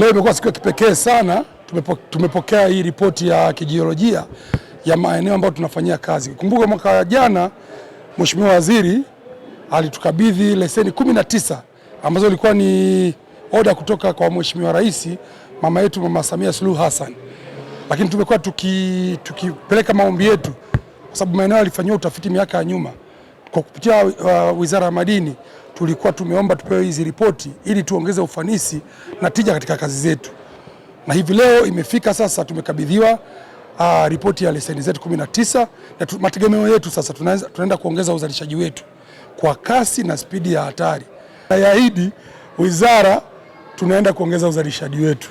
Leo imekuwa siku ya kipekee sana. Tumepokea hii ripoti ya kijiolojia ya maeneo ambayo tunafanyia kazi. Kumbuka mwaka jana Mheshimiwa Waziri alitukabidhi leseni kumi na tisa ambazo ilikuwa ni oda kutoka kwa Mheshimiwa Rais mama yetu Mama Samia Suluhu Hassan, lakini tumekuwa tukipeleka tuki maombi yetu kwa sababu maeneo yalifanyiwa utafiti miaka ya nyuma kwa kupitia uh, Wizara ya Madini tulikuwa tumeomba tupewe hizi ripoti ili tuongeze ufanisi na tija katika kazi zetu, na hivi leo imefika sasa, tumekabidhiwa uh, ripoti ya leseni zetu 19 na mategemeo yetu sasa tunaenda kuongeza uzalishaji wetu kwa kasi na spidi ya hatari. Nayaahidi wizara, tunaenda kuongeza uzalishaji wetu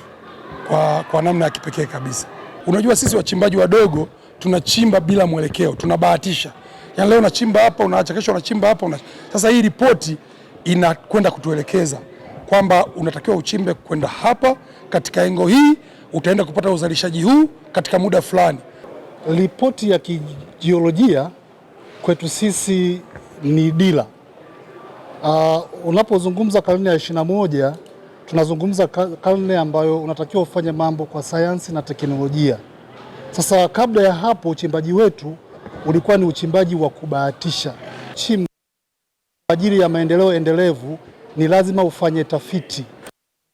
kwa, kwa namna ya kipekee kabisa. Unajua sisi wachimbaji wadogo tunachimba bila mwelekeo, tunabahatisha. Yaani leo unachimba hapa unaacha, kesho unachimba hapa una... Sasa hii ripoti inakwenda kutuelekeza kwamba unatakiwa uchimbe kwenda hapa katika engo hii, utaenda kupata uzalishaji huu katika muda fulani. Ripoti ya kijiolojia kwetu sisi ni dira. Uh, ah, unapozungumza karne ya ishirini na moja tunazungumza karne ambayo unatakiwa ufanye mambo kwa sayansi na teknolojia. Sasa kabla ya hapo uchimbaji wetu ulikuwa ni uchimbaji wa kubahatisha chimba kwa ajili ya maendeleo endelevu ni lazima ufanye tafiti,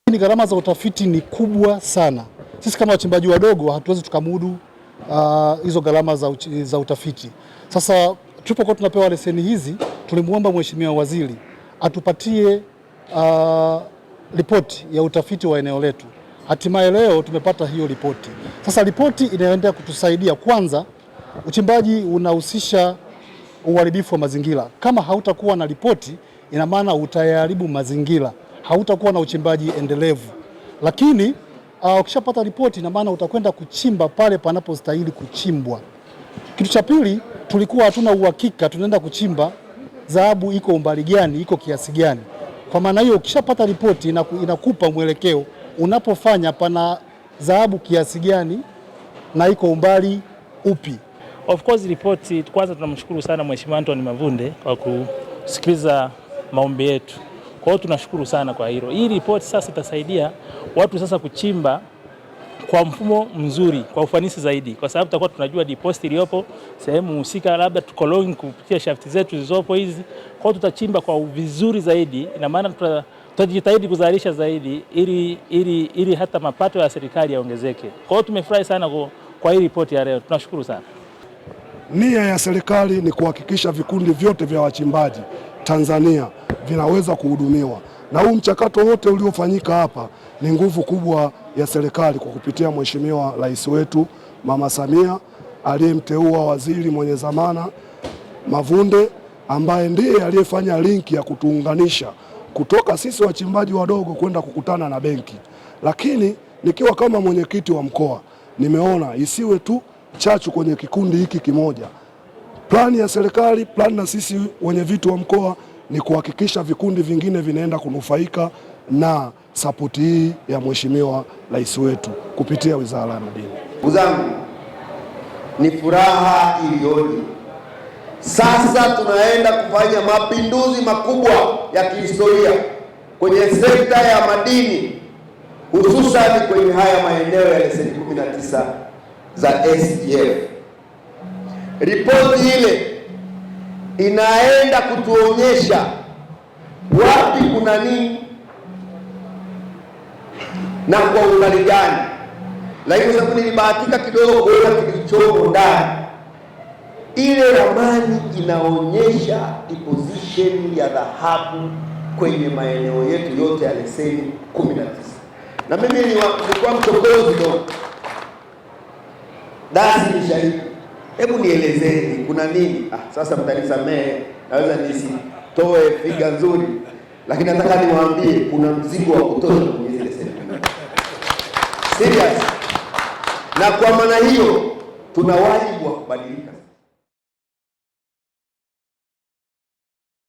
lakini gharama za utafiti ni kubwa sana. Sisi kama wachimbaji wadogo hatuwezi tukamudu ah, hizo uh, gharama za, za utafiti. Sasa tulipokuwa tunapewa leseni hizi, tulimwomba Mheshimiwa Waziri atupatie uh, ripoti ya utafiti wa eneo letu. Hatimaye leo tumepata hiyo ripoti. Sasa ripoti inaendelea kutusaidia. Kwanza uchimbaji unahusisha uharibifu wa mazingira. Kama hautakuwa na ripoti, ina maana utayaribu mazingira, hautakuwa na uchimbaji endelevu. Lakini uh, ukishapata ripoti, ina maana utakwenda kuchimba pale panapostahili kuchimbwa. Kitu cha pili, tulikuwa hatuna uhakika tunaenda kuchimba dhahabu iko umbali gani, iko kiasi gani. Kwa maana hiyo, ukishapata ripoti inaku, inakupa mwelekeo unapofanya pana dhahabu kiasi gani na iko umbali upi. Of course ripoti, kwanza tunamshukuru sana Mheshimiwa Anthony Mavunde kwa kusikiliza maombi yetu. Kwa hiyo tunashukuru sana kwa hilo. Hii ripoti sasa itasaidia watu sasa kuchimba kwa mfumo mzuri, kwa ufanisi zaidi, kwa sababu tutakuwa tunajua deposit iliyopo sehemu husika, labda tukoloni kupitia shafti zetu zilizopo hizi. Kwa hiyo tutachimba kwa vizuri zaidi, ina maana tutajitahidi kuzalisha zaidi ili, ili, ili hata mapato ya serikali yaongezeke. Kwa hiyo tumefurahi sana kwa hii ripoti ya leo, tunashukuru sana. Nia ya serikali ni kuhakikisha vikundi vyote vya wachimbaji Tanzania vinaweza kuhudumiwa, na huu mchakato wote uliofanyika hapa ni nguvu kubwa ya serikali kwa kupitia Mheshimiwa Rais wetu Mama Samia aliyemteua waziri mwenye zamana Mavunde ambaye ndiye aliyefanya linki ya kutuunganisha kutoka sisi wachimbaji wadogo kwenda kukutana na benki. Lakini nikiwa kama mwenyekiti wa mkoa nimeona isiwe tu chachu kwenye kikundi hiki kimoja. Plani ya serikali, plani na sisi wenye vitu wa mkoa ni kuhakikisha vikundi vingine vinaenda kunufaika na sapoti hii ya Mheshimiwa Rais wetu kupitia Wizara ya Madini. Ndugu zangu, ni furaha iliyoje! Sasa tunaenda kufanya mapinduzi makubwa ya kihistoria kwenye sekta ya madini, hususani kwenye haya maeneo ya leseni 19 za SDF. Ripoti ile inaenda kutuonyesha wapi kuna nini na kwa umbali gani, lakini sababu nilibahatika kidogo kuona kilichomo ndani, ile ramani inaonyesha deposition ya dhahabu kwenye maeneo yetu yote ya leseni 19 na mimi nilikuwa mchokozi kidogo dasi ni shahidi. Hebu nielezeni kuna nini? Ah, sasa mtanisamehe, naweza nisitoe figa nzuri, lakini nataka niwaambie kuna mzigo wa kutosha kwenye zile serious, na kwa maana hiyo tuna wajibu wa kubadilika.